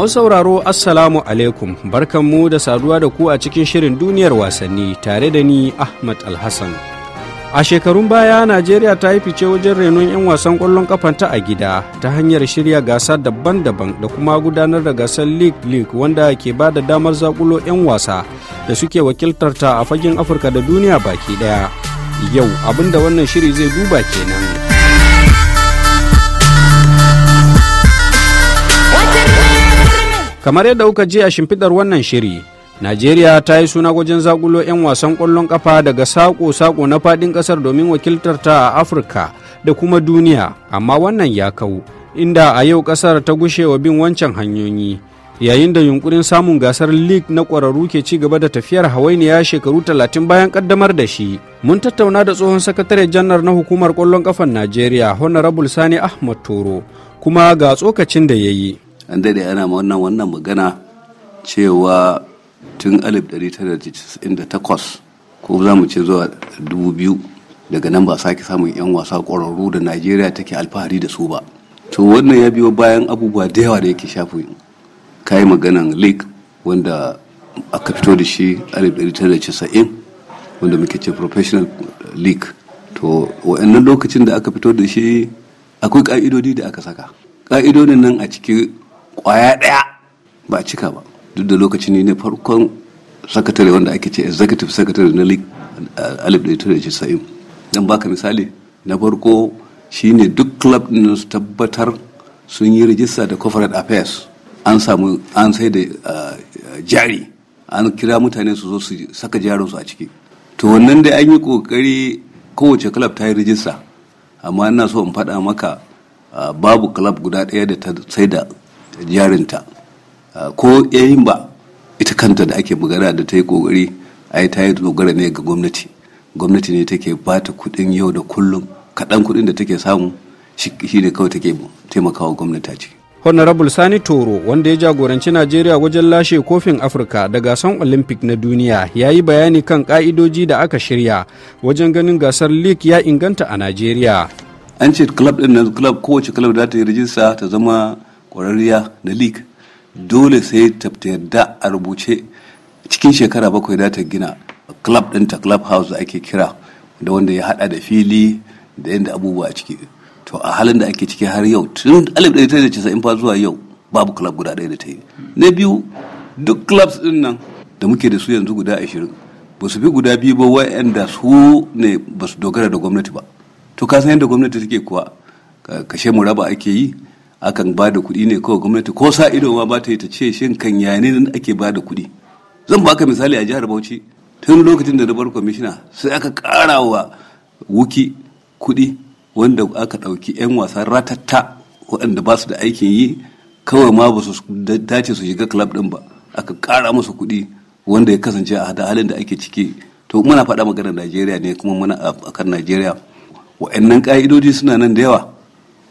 Mau sauraro Assalamu alaikum barkanmu da saduwa da ku a cikin shirin duniyar wasanni tare da ni Ahmad Alhassan. A shekarun baya Najeriya ta yi fice wajen renon 'yan wasan kwallon kafanta a gida ta hanyar shirya gasa daban-daban da kuma gudanar da gasar League League wanda ke ba da damar zakulo 'yan wasa da suke wakiltar ta a fagen Afirka da duniya baki ɗaya. Yau abin da wannan shiri zai duba kenan. kamar yadda kuka ji a shimfidar wannan shiri najeriya ta yi suna wajen zakulo 'yan wasan kwallon ƙafa daga saƙo-saƙo na faɗin ƙasar domin wakiltar ta a afirka da kuma duniya amma wannan ya kau inda a yau ƙasar ta gushe wa bin wancan hanyoyi yayin da yunkurin samun gasar league na ƙwararru ke ci gaba da tafiyar hawainiya shekaru talatin bayan ƙaddamar da shi mun tattauna da tsohon sakatare janar na hukumar kwallon ƙafan najeriya honorable sani ahmad toro kuma ga tsokacin da ya yi an dade ana wannan wannan magana cewa tun 1998 ko za mu ce zuwa 2000 daga nan ba sake samun 'yan wasa ƙwararru da najeriya take alfahari da su ba to wannan ya biyo bayan abubuwa da yawa da yake shafi kayi maganan league wanda aka fito da shi 1990 wanda muke ce professional league to wa'annan lokacin da aka fito da shi akwai ka'idodi da aka saka ka'idodin nan a cikin. kwaya ɗaya ba cika ba duk da lokaci ne na farkon sakatare wanda ake ce executive secretary na league alif da ita sa'in dan baka misali na farko shine duk club din su tabbatar sun yi rijista da corporate affairs an samu an sai da jari an kira mutane su zo su saka jarin su a ciki to wannan dai an yi kokari kowace club ta yi rijista amma ina so in faɗa maka babu club guda ɗaya da ta sai da jarinta ah, ko yayin ba ita kanta da ake magana da ta yi kokari ai ta yi dogara ne ga gwamnati gwamnati ne take ba ta kuɗin yau da kullum kaɗan kuɗin da take samu shi ne kawai take taimakawa gwamnati ce honorable sani toro wanda ya jagoranci najeriya wajen lashe kofin afirka da gasan olympic na duniya ya yi bayani kan ka'idoji da aka shirya wajen ganin gasar league ya inganta a najeriya an ce club din na club kowace club za ta yi rijista ta zama ƙwararriya na league dole sai ta yarda a rubuce cikin shekara bakwai da ta gina club ta club house da ake kira da wanda ya hada da fili da yadda abubuwa a ciki to a halin da ake ciki har yau tun alif ɗaya da casa'in fa zuwa yau babu club guda ɗaya da ta yi na biyu duk clubs ɗin nan da muke da su yanzu guda ashirin ba su fi guda biyu ba wa'anda su ne ba su dogara da gwamnati ba to ka san yadda gwamnati take kuwa kashe mu raba ake yi akan ba da kuɗi ne kawai gwamnati ko sa ido ma ba ta yi ta ce shin kan yane nan ake ba da kuɗi zan baka misali a jihar bauchi tun lokacin da na bar kwamishina sai aka ƙara wa wuki kuɗi wanda aka ɗauki 'yan wasan ratatta waɗanda ba su da aikin yi kawai ma ba su dace su shiga club ɗin ba aka ƙara musu kuɗi wanda ya kasance a hada halin da ake ciki to muna faɗa maganar najeriya ne kuma muna a kan najeriya wa'annan ƙa'idoji suna nan da yawa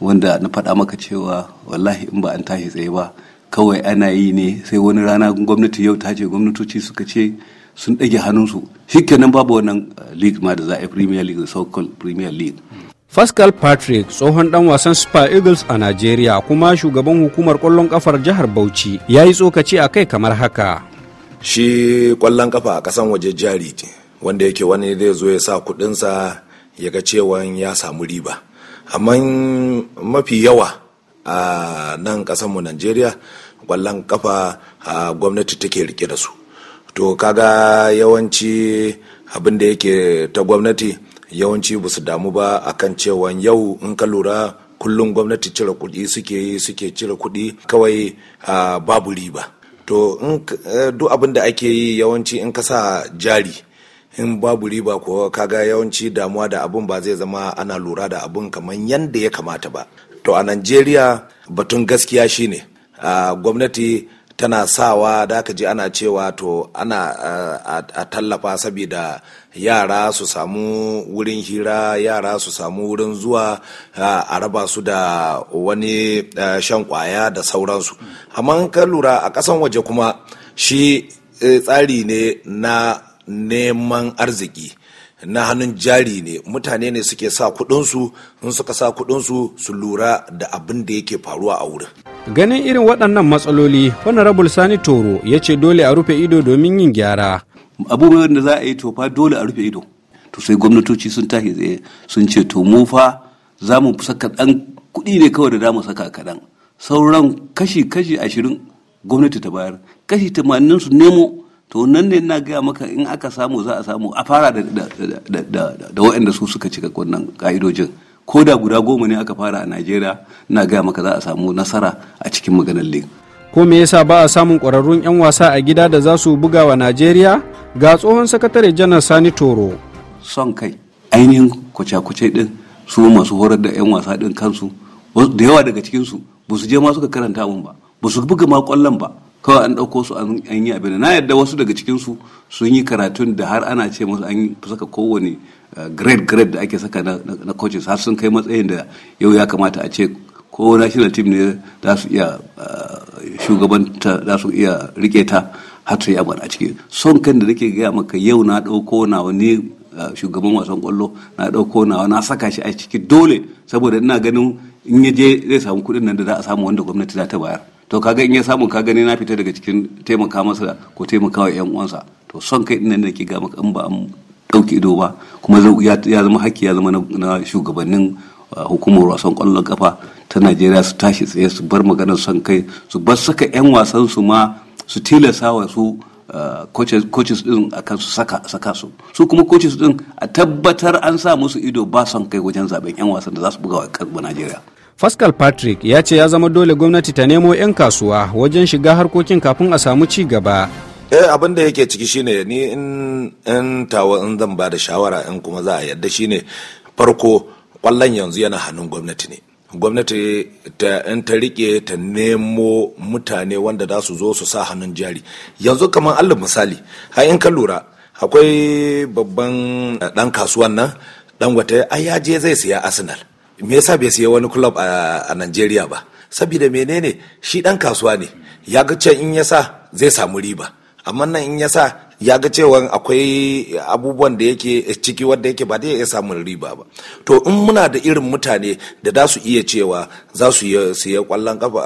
wanda na faɗa maka cewa wallahi in ba an tashi tsaye ba kawai ana yi ne sai wani rana gwamnati yau ta ce gwamnatoci suka ce sun ɗage hannunsu shikenan babu wannan uh, league ma da za a premier league da sokol premier league Pascal Patrick tsohon dan wasan Super Eagles a Najeriya kuma shugaban hukumar kwallon kafar jihar Bauchi ya yi tsokaci a kai kamar haka. Shi kwallon kafa a kasan waje jari wanda yake wani zai zo ya sa kudinsa ya ga cewa ya samu riba. amma mafi yawa a nan mu najeriya ƙwallon kafa gwamnati take rike da su to kaga yawanci abin da yake ta gwamnati yawanci ba su damu ba akan cewa yau in ka lura kullum gwamnati cire kuɗi suke yi suke cire kuɗi kawai babu riba to eh, duk abin da ake yi yawanci in ka sa jari in babu riba ko kaga yawanci damuwa da abun ba zai zama ana lura da abun kamar yadda ya kamata ba to a najeriya batun gaskiya shine gwamnati tana sawa da aka ji ana cewa to ana a tallafa saboda yara su samu wurin hira yara su samu wurin zuwa a raba su da wani shan kwaya da sauransu amma ka lura a ƙasan waje kuma shi eh, tsari ne na neman arziki na hannun jari ne mutane ne suke sa kudinsu sun suka sa kudinsu su lura da abin da yake faruwa a wurin ganin irin waɗannan matsaloli wani rabul sani toro ya ce dole a rufe ido domin yin gyara abubuwan da za a yi tofa dole a rufe ido to sai gwamnatoci sun tashi tsaye sun ce to mu fa za mu saka ɗan kuɗi ne kawai da za mu saka kaɗan sauran kashi kashi ashirin gwamnati ta bayar kashi tamanin su nemo to nan ne na gaya maka in aka samu za a samu a fara da da waɗanda su suka cika wannan ka'idojin ko da guda goma ne aka fara a najeriya na gaya maka za a samu nasara a cikin maganar ko me yasa ba a samun ƙwararrun 'yan wasa a gida da za su buga wa najeriya ga tsohon sakatare janar sani toro son kai ainihin kwace-kwace din su masu horar da 'yan wasa din kansu da yawa daga cikinsu ba su je ma suka karanta mun ba ba su buga ma kwallon ba kawai an ɗauko su an yi abin na yadda wasu daga cikinsu sun yi karatun da har ana ce musu an saka kowane eh, grade grade da ake saka na coaches har sun kai matsayin da yau ya kamata a ce ko national team ne za su iya eh, shugabanta za su iya rike ta har su yi a ciki son kan da nake gaya maka yau na ɗauko na wani eh, shugaban wasan kwallo na ɗauko nawa na saka shi a ciki dole saboda ina ganin in ya je zai samu kuɗin nan da za a samu wanda gwamnati za ta bayar to kaga in ya samu ka gani na fita daga cikin taimaka masa ko taimaka wa yan uwansa to son kai ɗin da ke ga maka in ba an ɗauki ido ba kuma ya zama haƙƙi ya zama na shugabannin uh, hukumar wasan ƙwallon kafa ta najeriya su tashi tsaye su bar maganar son kai su bar saka 'yan wasan su ma su tilasa wa su uh, coaches din a su saka su su kuma coaches din a tabbatar an sa musu ido ba son kai wajen zaben 'yan wasan da za su buga wa najeriya Pascal Patrick ya ce ya zama dole gwamnati ta nemo 'yan kasuwa wajen shiga harkokin kafin a samu ci gaba. eh abin da yake ciki shine ni in in tawa in zan ba da shawara in kuma za a yarda shine farko kwallon yanzu yana hannun gwamnati ne gwamnati ta in ta rike ta nemo mutane wanda za su zo su sa hannun jari yanzu kamar allah misali har in ka lura akwai babban dan kasuwan nan dan wata ai ya je zai siya arsenal me yasa bai siya wani club a Najeriya ba saboda menene shi dan kasuwa ne ya ga can in yasa zai samu riba amma nan in yasa ya ga cewa akwai abubuwan da yake eh, ciki wanda yake ba da ya samun riba ba to in muna da irin mutane da za su iya cewa za su siya kwallon kafa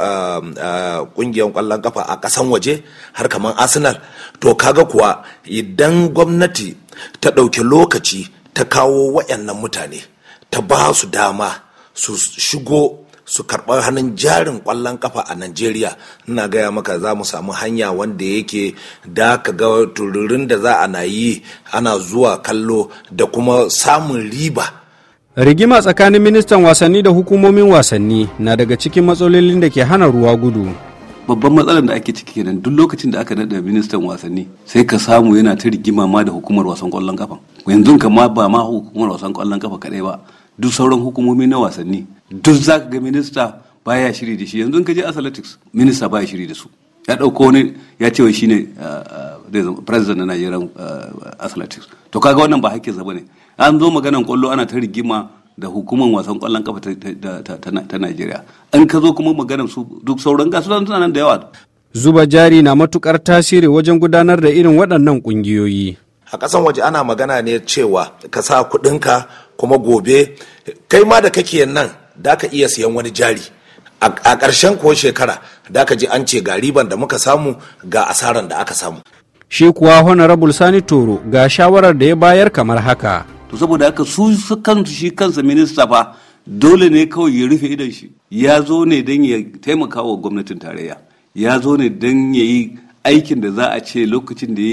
kungiyar kwallon kafa a kasan waje har kamar arsenal to kaga kuwa idan gwamnati ta ɗauki lokaci ta kawo wayannan mutane ta ba su dama su shigo su karɓar hannun jarin ƙwallon kafa a Najeriya ina gaya maka za mu samu hanya wanda yake da ka ga tururin da za a yi ana zuwa kallo da kuma samun riba rigima tsakanin ministan wasanni da hukumomin wasanni na daga cikin matsalolin da ke hana ruwa gudu babban matsalar da ake ciki kenan duk lokacin da aka nada ministan wasanni sai ka samu yana ta rigima ma da hukumar wasan kwallon kafa yanzu kama ba ma hukumar wasan kwallon kafa kadai ba duk sauran hukumomi na wasanni duk za ka ga minista baya shiri da shi yanzu in ka je athletics minista baya shiri da su ya dauko wani ya ce wai shine eh, eh, president na Nigerian eh, athletics to kaga wannan ba hakkinsa ne an zo maganan kwallo ana ta rigima da hukumar wasan kwallon kafa ta nigeria an ka zo kuma maganan su duk sauran gasu nan da yawa zuba jari na matukar tasiri wajen gudanar da irin waɗannan kungiyoyi A ƙasan waje ana magana ne cewa ka sa kuɗinka kuma gobe kai ma da kake nan da ka iya siyan wani jari a ƙarshen ko shekara da ka ji an ce ga riban da muka samu ga asaran da aka samu shi kuwa honorable sani toro ga shawarar da ya bayar kamar haka to saboda haka su kansu shi kansa minista fa dole ne kawai ya rufe idon shi ya zo ne don ya taimaka wa gwamnatin tarayya ya zo ne don ya yi aikin da za a ce lokacin da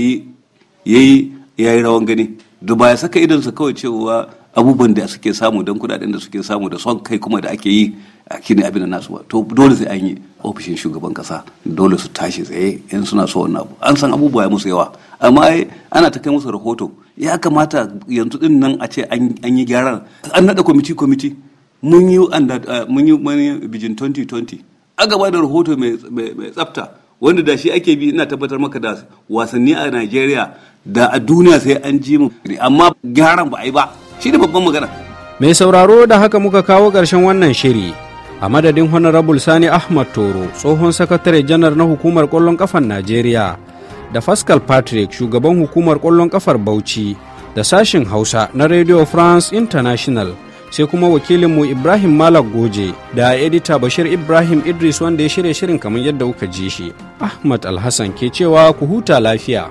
ya yi rawan gani da ba ya saka idonsa kawai cewa abubuwan da suke samu don kudaden da suke samu da son kai kuma da ake yi a kini abin da nasu ba to dole sai an yi ofishin shugaban kasa dole su tashi tsaye in suna so wannan abu an san abubuwa ya musu yawa amma ana ta kai musu rahoto ya kamata yanzu din nan a ce an yi gyaran an nada kwamiti kwamiti mun yi eh, mun yi bijin 2020 a gaba da rahoto mai tsafta wanda da shi ake bi ina tabbatar maka da wasanni a Najeriya da a duniya sai an ji mu amma gyaran ba a yi ba shi ne babban magana mai sauraro da haka muka kawo ƙarshen wannan shiri a madadin honorable sani ahmad toro tsohon sakatare janar na hukumar ƙwallon ƙafar najeriya da pascal patrick shugaban hukumar ƙwallon ƙafar bauchi da sashin hausa na radio france international sai kuma wakilinmu ibrahim malak goje da edita bashir ibrahim idris wanda ya shirya shirin kamar yadda kuka ji shi ahmad alhassan ke cewa ku huta lafiya